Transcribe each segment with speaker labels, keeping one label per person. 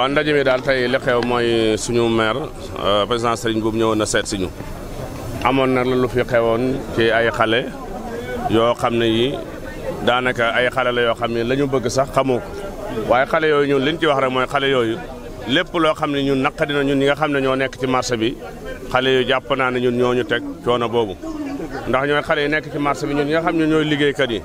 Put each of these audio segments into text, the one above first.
Speaker 1: waa ndaje mi daal tey li xew mooy suñu maire euh, président Serigne Boub ñëwoon na seet si ñu amoon na lu fi xewoon ci ay xale yoo xam ne yi daanaka ay xale la yoo xam ne la bëgg sax xamoo ko waaye xale yooyu ñun liñ ci wax rek mooy xale yooyu lépp loo xam ne ñun naqadi na ñun ñi nga xam ne ñoo nekk ci marché bi xale yu jàpp naa ne ñun ñoo ñu teg coono boobu ndax ñooy xale yi nekk ci marché bi ñun ñi xam ne ñooy liggéeykat yi.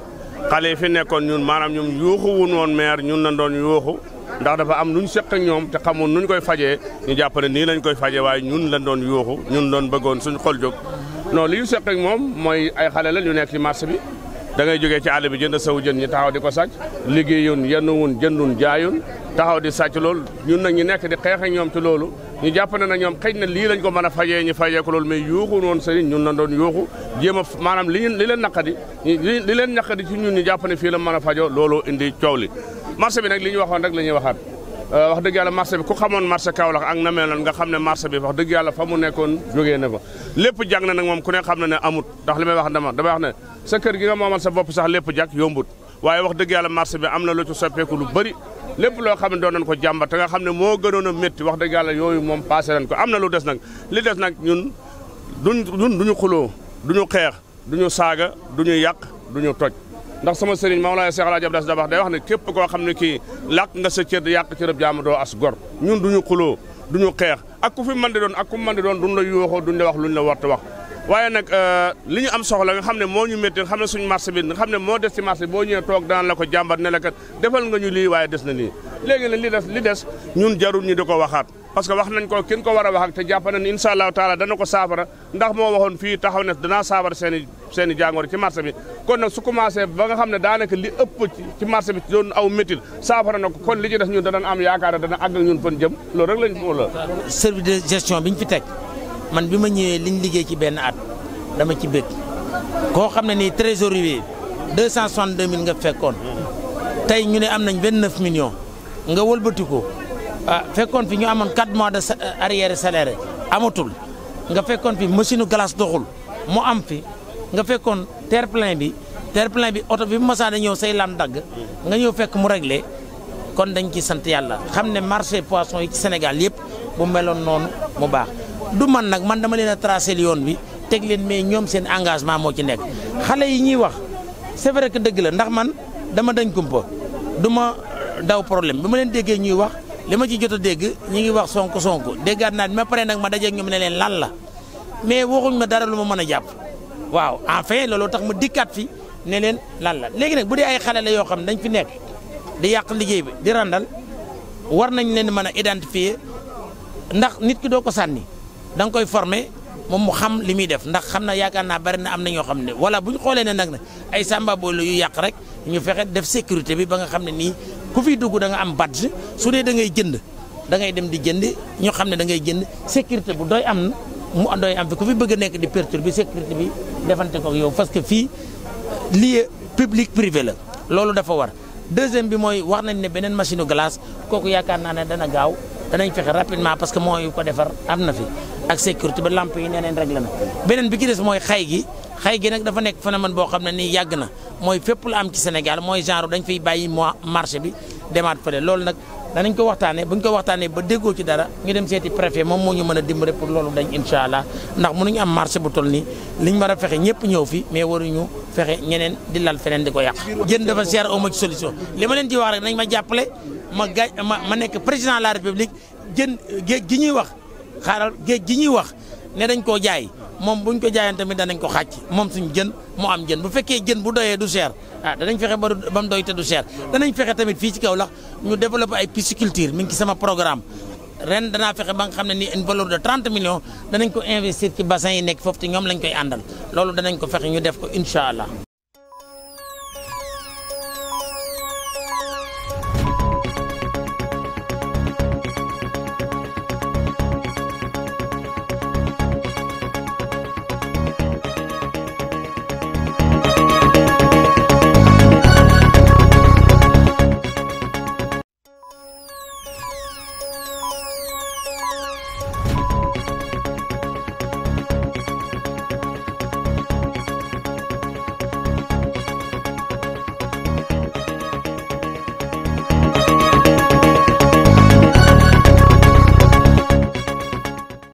Speaker 1: xale yi fi nekkoon ñun maanaam ñun yuuxu wun woon maire ñun lañ doon yuuxu ndax dafa am lu ñu seq ñoom te xamoon nuñ koy fajee ñu jàpp nii lañ koy fajee waaye ñun lañ doon yuuxu ñun doon bëggoon suñ xol jóg non li ñu seq moom mooy ay xale la ñu nekk ci marché bi da ngay jógee ci àll bi jënd saw jën ñu taxaw di ko sàcc liggéeyun yennuwun jëndun jaayun taxaw di sàcc loolu ñun nag ñu nekk di xeex ak ñoom ci loolu ñu jàpp ne na ñoom xëj na lii lañ ko mën a fajee ñu fajee ko loolu mais yuuxu woon sëriñ ñun na doon yuuxu jéem a maanaam li li leen naqadi li leen naqadi ci ñun ñu jàpp ne fii la mën a fajoo loolu indi coow li marché bi nag li ñu waxoon rek la ñuy waxaat euh, wax dëgg yàlla marché bi ku xamoon marché Kaolack ak na meloon nga xam ne marché bi wax dëgg yàlla fa mu nekkoon jógee na fa lépp jag na nag moom ku ne xam na ne amut ndax li may wax dama damay wax ne sa kër gi nga moomal sa bopp sax lépp jag yombut waaye wax dëgg yàlla marché bi am na lu ci soppeeku lu bëri lépp loo xam ne doon nañ ko jàmbat te nga xam ne moo gënoon a wax dëgg yooyu moom passé nañ ko am na lu des nag li des nag ñun duñ ñun duñu xuloo duñu xeex duñu saaga duñu yàq duñu toj ndax sama sëriñ Mawlaay Seex Alaaji des da wax day wax ne képp koo xam ne kii làq nga sa cër di yàq cërëb jaamu doo as gor ñun duñu xuloo duñu xeex ak ku fi man di doon ak ku mën di doon duñ la yuuxoo duñ la wax luñ la warta wax waaye nag euh, li ñu am soxla nga xam ne moo ñu métti nga xam ne suñu marché bi nga xam ne moo des ci marché boo ñëwee toog daan la ko jàmbat ne la kat defal nga ñu lii waaye des na nii léegi nag li des li des ñun jarul ñu di ko waxaat parce que wax nañ ko kenn ko war a wax te jàpp nañ incha allahu taala dana ko saafara ndax moo waxoon fii taxaw ne danaa saafara seen i seen jàngoro ci marché bi kon nag su commencé ba nga xam ne daanaka li ëpp ci marché bi doon aw métti saafara na ko kon li ci des ñun danañ am yaakaar dana àgg ak ñun loolu rek lañ. service de gestion biñ fi teg man bi ma ñëwee liñ liggéey ci
Speaker 2: benn at dama ci bëgg koo xam ne nii trésorier deux cent soixante-deux mille nga fekkoon tey ñu ne am nañ benn neuf millions nga wëlbati ko ah fekkoon fi ñu amoon quatre mois de euh, arrière salaire amatul nga fekkoon fi machine glace doxul mu am fi nga fekkoon terre plein bi terre bi oto bi masaa da ñëw say lam dagg nga ñëw fekk mu réglé kon dañ ci sant yàlla xam ne marché poisson yi ci Sénégal yëpp bu meloon noonu mu baax du man nak man dama leena tracer yoon bi tek leen mais ñom seen engagement mo ci nek xalé yi ñi wax c'est vrai que deug la ndax man dama dañ kumpa du ma daw problème bima leen déggé ñi wax lima ci jotta dégg ñi ngi wax sonko sonko déggat na ma paré nak ma dajé ñom ne leen lan la mais waxuñ ma dara luma mëna japp waaw enfin lolo tax ma dikkat fi ne leen lan la légui nak bu ay xalé la yo xam dañ fi nek di yaq liggéey bi di randal war nañ leen mëna identifier ndax nit ki doo ko danga koy former moom mu xam li muy def ndax xam na yaakaar naa bari na am na ñoo xam ne wala bu ñu xoolee ne nag ay samba boole yu yàq rek ñu fexe def sécurité bi ba nga xam ne nii ku fiy dugg da nga am badge su dee dangay jënd dangay dem di jënd ñoo xam ne da ngay jënd sécurité bu doy am na mu doy am fi ku fi bëgg a nekk di perturber sécurité bi defante ko yow parce que fii euh, lieu public privé la loolu dafa war deuxième bi mooy wax nañ ne beneen machine glace kooku yaakaar naa ne dana gaaw. danañ fexe rapidement parce que mooyu ko defar am na fi ak sécurité ba lamp yi neneen rek la beneen bi ki des mooy xay gi xay gi nag dafa nekk phénomène boo xam ne ni yàgg na mooy fépp la am ci Sénégal mooy genre dañ fiy bàyyi mois marché bi demaat fële loolu nag danañ ko waxtaanee buñ ko waxtaanee ba déggoo ci dara ñu dem seeti préfet moom moo ñu mën a dimbale pour loolu dañ incha allah ndax mënuñu am marché bu toll nii liñ war a fexe ñëpp ñëw fi mais waruñu fexe ñeneen di lal feneen di ko yàq. jën dafa cher amu ci solution ma leen ci wax nañ ma jàppale. ma gañ ma ma nekk président la république jën géej gi ñuy wax xaaral géej gi ñuy wax ne dañ koo jaay moom buñ ko jaayaan tamit danañ ko xàcc moom suñ jën moo am jën bu fekkee jën bu doyee du cher ah danañ fexe ba ba mu doy te du cher. danañ fexe tamit fii ci kaw lax ñu développé ay pisciculture mi ngi ci sama programme ren danaa fexe ba nga xam ne nii une valeur de 30 million danañ ko investir ci bassin yi nekk foofu te ñoom lañ koy àndal loolu danañ ko fexe ñu def ko incha allah.